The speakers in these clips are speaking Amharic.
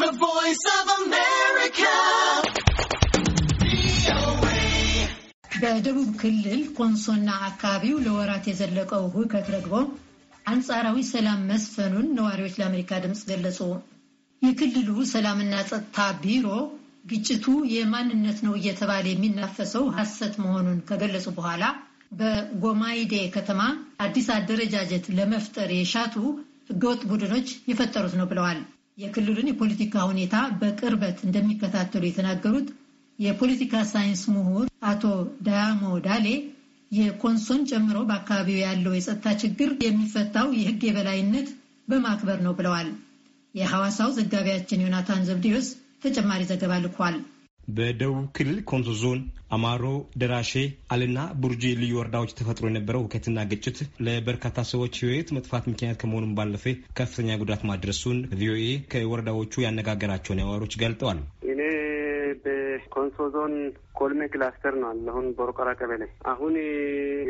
The Voice of America. በደቡብ ክልል ኮንሶና አካባቢው ለወራት የዘለቀው ሁከት ረግቦ አንጻራዊ ሰላም መስፈኑን ነዋሪዎች ለአሜሪካ ድምፅ ገለጹ። የክልሉ ሰላምና ጸጥታ ቢሮ ግጭቱ የማንነት ነው እየተባለ የሚናፈሰው ሐሰት መሆኑን ከገለጹ በኋላ በጎማይዴ ከተማ አዲስ አደረጃጀት ለመፍጠር የሻቱ ህገወጥ ቡድኖች የፈጠሩት ነው ብለዋል። የክልሉን የፖለቲካ ሁኔታ በቅርበት እንደሚከታተሉ የተናገሩት የፖለቲካ ሳይንስ ምሁር አቶ ዳያሞ ዳሌ የኮንሶን ጨምሮ በአካባቢው ያለው የጸጥታ ችግር የሚፈታው የሕግ የበላይነት በማክበር ነው ብለዋል። የሐዋሳው ዘጋቢያችን ዮናታን ዘብዲዮስ ተጨማሪ ዘገባ ልኳል። በደቡብ ክልል ኮንሶ ዞን አማሮ፣ ደራሼ፣ አልና ቡርጂ ልዩ ወረዳዎች ተፈጥሮ የነበረው ውከትና ግጭት ለበርካታ ሰዎች ሕይወት መጥፋት ምክንያት ከመሆኑም ባለፈ ከፍተኛ ጉዳት ማድረሱን ቪኦኤ ከወረዳዎቹ ያነጋገራቸው ነዋሪዎች ገልጠዋል። እኔ በኮንሶ ዞን ኮልሜ ክላስተር ነው አለሁን አሁን ቀበሌ አሁን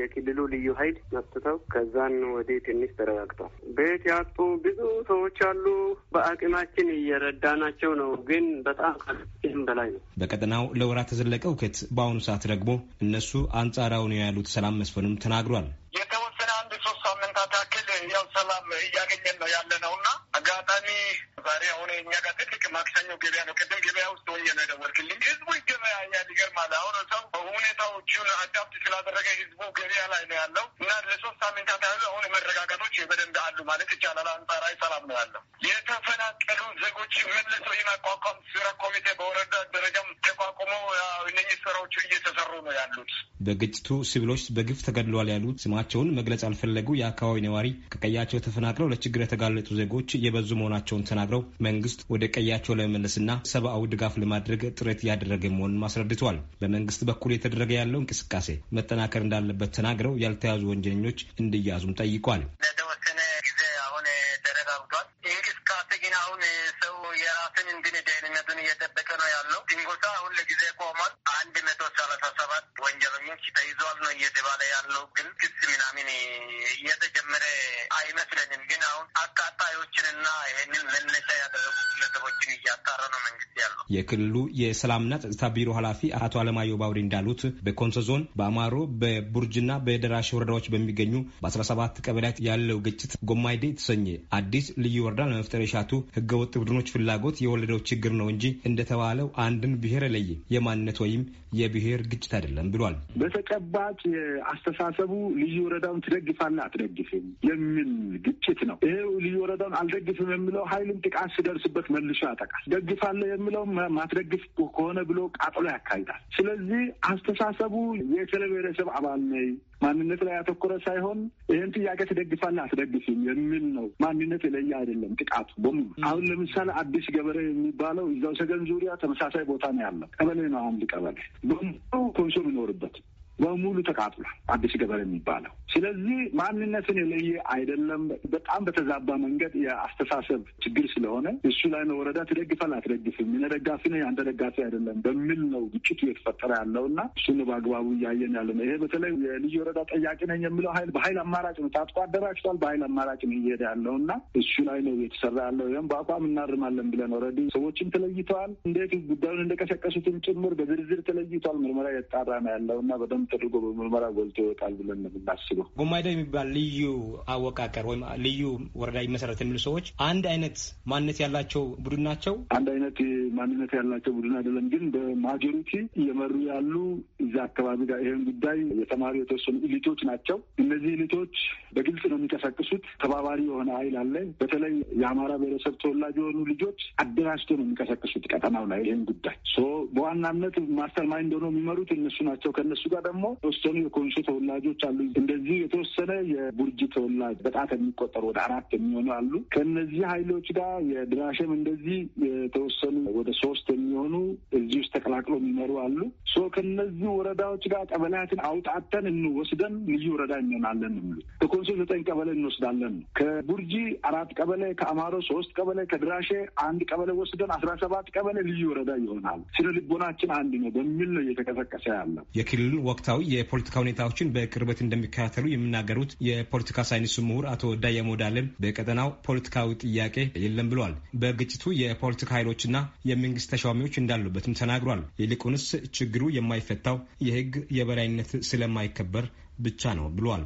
የክልሉ ልዩ ኃይል መጥተው ከዛን ወደ ትንሽ ተረጋግቷል። ቤት ያጡ ብዙ ሰዎች አሉ። በአቅማችን እየረዳናቸው ነው፣ ግን በጣም ከዚህም በላይ ነው። በቀጠናው ለወራት የዘለቀው ውከት በአሁኑ ሰዓት ደግሞ እነሱ አንጻራዊ ነው ያሉት ሰላም መስፈኑም ተናግሯል። ያው ሰላም እያገኘን ነው ያለ ነው እና አጋጣሚ ዛሬ አሁን እኛ ጋር ትልቅ ማክሰኞ ገበያ ነው። ቅድም ገበያ ውስጥ ሆኜ ነው የደወልክልኝ። ህዝቡ ይገበያያል። ይገርማል። አሁን ሰው ሁኔታዎቹን አዳፕት ስላደረገ ህዝቡ ገበያ ላይ ነው ያለው እና ለሶስት ሳምንታት ያሉ አሁን መረጋጋቶች በደንብ አሉ ማለት ይቻላል። አንጻራዊ ሰላም ነው ያለው። የተፈናቀሉ ዜጎች መልሶ የማቋቋም ስራ ኮሚቴ በወረዳ ደረጃ ስራዎቹ እየተሰሩ ነው ያሉት። በግጭቱ ሲቪሎች በግፍ ተገድሏል ያሉት ስማቸውን መግለጽ ያልፈለጉ የአካባቢ ነዋሪ ከቀያቸው ተፈናቅለው ለችግር የተጋለጡ ዜጎች የበዙ መሆናቸውን ተናግረው መንግስት ወደ ቀያቸው ለመመለስና ሰብአዊ ድጋፍ ለማድረግ ጥረት እያደረገ መሆኑን አስረድተዋል። በመንግስት በኩል የተደረገ ያለው እንቅስቃሴ መጠናከር እንዳለበት ተናግረው ያልተያዙ ወንጀለኞች እንዲያዙም ጠይቋል። ግን አሁን ሰው የራስን እንድን ደህንነቱን እየጠበቀ ነው ያለው። ትንኮሳ አሁን ለጊዜ ቆሟል። አንድ መቶ ሰላሳ ሰባት ወንጀለኞች ተይዘዋል ነው እየተባለ ያለው። ግን ክስ ምናምን እየተጀመረ አይመስለንም። ግን አሁን አካ ተከታዮችንና ይህንን መነሻ ያደረጉ ግለሰቦችን እያጣረ ነው መንግስት ያለው። የክልሉ የሰላምና ጸጥታ ቢሮ ኃላፊ አቶ አለማየሁ ባውሪ እንዳሉት በኮንሶ ዞን በአማሮ በቡርጅና በደራሽ ወረዳዎች በሚገኙ በ17 ቀበሌያት ያለው ግጭት ጎማይዴ የተሰኘ አዲስ ልዩ ወረዳ ለመፍጠር የሻቱ ህገወጥ ቡድኖች ፍላጎት የወለደው ችግር ነው እንጂ እንደተባለው አንድን ብሔር ለይ የማንነት ወይም የብሔር ግጭት አይደለም ብሏል። በተጨባጭ አስተሳሰቡ ልዩ ወረዳውን ትደግፋለህ አትደግፍም የሚል ግጭት ነው። ይሄው ልዩ ወረዳ የሚሰጠውን አልደግፍም የሚለው ኃይልም ጥቃት ሲደርስበት መልሶ ያጠቃል። ደግፋለሁ የሚለው ማትደግፍ ከሆነ ብሎ ቃጥሎ ያካሂዳል። ስለዚህ አስተሳሰቡ የክለ ብሔረሰብ አባል ነይ ማንነት ላይ ያተኮረ ሳይሆን ይህን ጥያቄ ትደግፋለህ አትደግፍም የሚል ነው። ማንነት የለየ አይደለም ጥቃቱ በሙሉ። አሁን ለምሳሌ አዲስ ገበሬ የሚባለው እዛው ሰገን ዙሪያ ተመሳሳይ ቦታ ነው ያለው። ቀበሌ ነው አንድ ቀበሌ በሙሉ ኮንሶ ይኖርበት በሙሉ ተቃጥሏል። አዲስ ገበር የሚባለው ስለዚህ ማንነትን የለየ አይደለም። በጣም በተዛባ መንገድ የአስተሳሰብ ችግር ስለሆነ እሱ ላይ ነው ወረዳ ትደግፋል አትደግፍም፣ እኔ ደጋፊ ነኝ አንተ ደጋፊ አይደለም በሚል ነው ግጭቱ እየተፈጠረ ያለው እና እሱን በአግባቡ እያየን ያለ ነው። ይሄ በተለይ የልዩ ወረዳ ጠያቂ ነኝ የሚለው ሀይል በሀይል አማራጭ ነው ታጥቆ አደራጅቷል። በሀይል አማራጭ ነው እየሄደ ያለው እና እሱ ላይ ነው የተሰራ ያለው። ይህም በአቋም እናርማለን ብለን ወረዲ ሰዎችም ተለይተዋል። እንዴት ጉዳዩን እንደቀሰቀሱትም ጭምር በዝርዝር ተለይቷል። ምርመራ የጣራ ነው ያለው እና በደ በደንብ ተደርጎ በምርመራ ጎልቶ ይወጣል ብለን ነው የምናስበው። ጉማይዳ የሚባል ልዩ አወቃቀር ወይም ልዩ ወረዳ ይመሰረት የሚሉ ሰዎች አንድ አይነት ማንነት ያላቸው ቡድን ናቸው። አንድ አይነት ማንነት ያላቸው ቡድን አይደለም፣ ግን በማጆሪቲ እየመሩ ያሉ እዛ አካባቢ ጋር ይህን ጉዳይ የተማሪ የተወሰኑ ኢሊቶች ናቸው። እነዚህ ኢሊቶች በግልጽ ነው የሚቀሰቅሱት ተባባሪ የሆነ ኃይል አለ። በተለይ የአማራ ብሔረሰብ ተወላጅ የሆኑ ልጆች አደራጅቶ ነው የሚቀሰቅሱት ቀጠናው ላይ ይህን ጉዳይ በዋናነት ማስተር ማይንድ ሆነው የሚመሩት እነሱ ናቸው። ከእነሱ ጋር ደግሞ የተወሰኑ የኮንሶ ተወላጆች አሉ። እንደዚህ የተወሰነ የቡርጅ ተወላጅ በጣት የሚቆጠሩ ወደ አራት የሚሆኑ አሉ። ከነዚህ ኃይሎች ጋር የድራሸም እንደዚህ የተወሰኑ ወደ ሶስት የሚሆኑ እዚህ ውስጥ ተቀላቅሎ የሚመሩ አሉ። ሶ ከነዚህ ወረዳዎች ጋር ቀበሌያትን አውጣተን እንወስደን ልዩ ወረዳ እንሆናለን ነው ከኮንሶ ዘጠኝ ቀበሌ እንወስዳለን ነው። ከቡርጂ አራት ቀበሌ፣ ከአማሮ ሶስት ቀበሌ፣ ከድራሼ አንድ ቀበሌ ወስደን አስራ ሰባት ቀበሌ ልዩ ወረዳ ይሆናል። ስነ ልቦናችን አንድ ነው በሚል ነው እየተቀሰቀሰ ያለ የክልሉ ወቅት ወቅታዊ የፖለቲካ ሁኔታዎችን በቅርበት እንደሚከታተሉ የሚናገሩት የፖለቲካ ሳይንሱ ምሁር አቶ ዳየሞ ዳለም በቀጠናው ፖለቲካዊ ጥያቄ የለም ብሏል። በግጭቱ የፖለቲካ ኃይሎችና የመንግስት ተሿሚዎች እንዳሉበትም ተናግሯል። ይልቁንስ ችግሩ የማይፈታው የህግ የበላይነት ስለማይከበር ብቻ ነው ብሏል።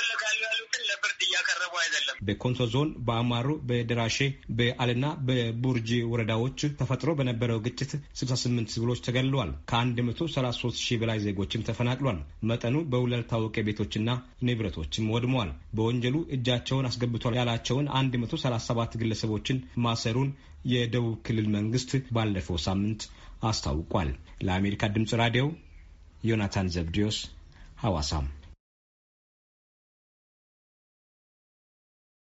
ይፈለጋሉ ያሉትን ለፍርድ እያቀረቡ አይደለም። በኮንሶ ዞን በአማሩ፣ በደራሼ፣ በአልና በቡርጂ ወረዳዎች ተፈጥሮ በነበረው ግጭት 68 ሲቪሎች ተገድለዋል። ከ133 ሺህ በላይ ዜጎችም ተፈናቅሏል። መጠኑ በውል ያልታወቀ ቤቶችና ንብረቶችም ወድመዋል። በወንጀሉ እጃቸውን አስገብቷል ያላቸውን 137 ግለሰቦችን ማሰሩን የደቡብ ክልል መንግስት ባለፈው ሳምንት አስታውቋል። ለአሜሪካ ድምጽ ራዲዮ ዮናታን ዘብዲዮስ ሐዋሳም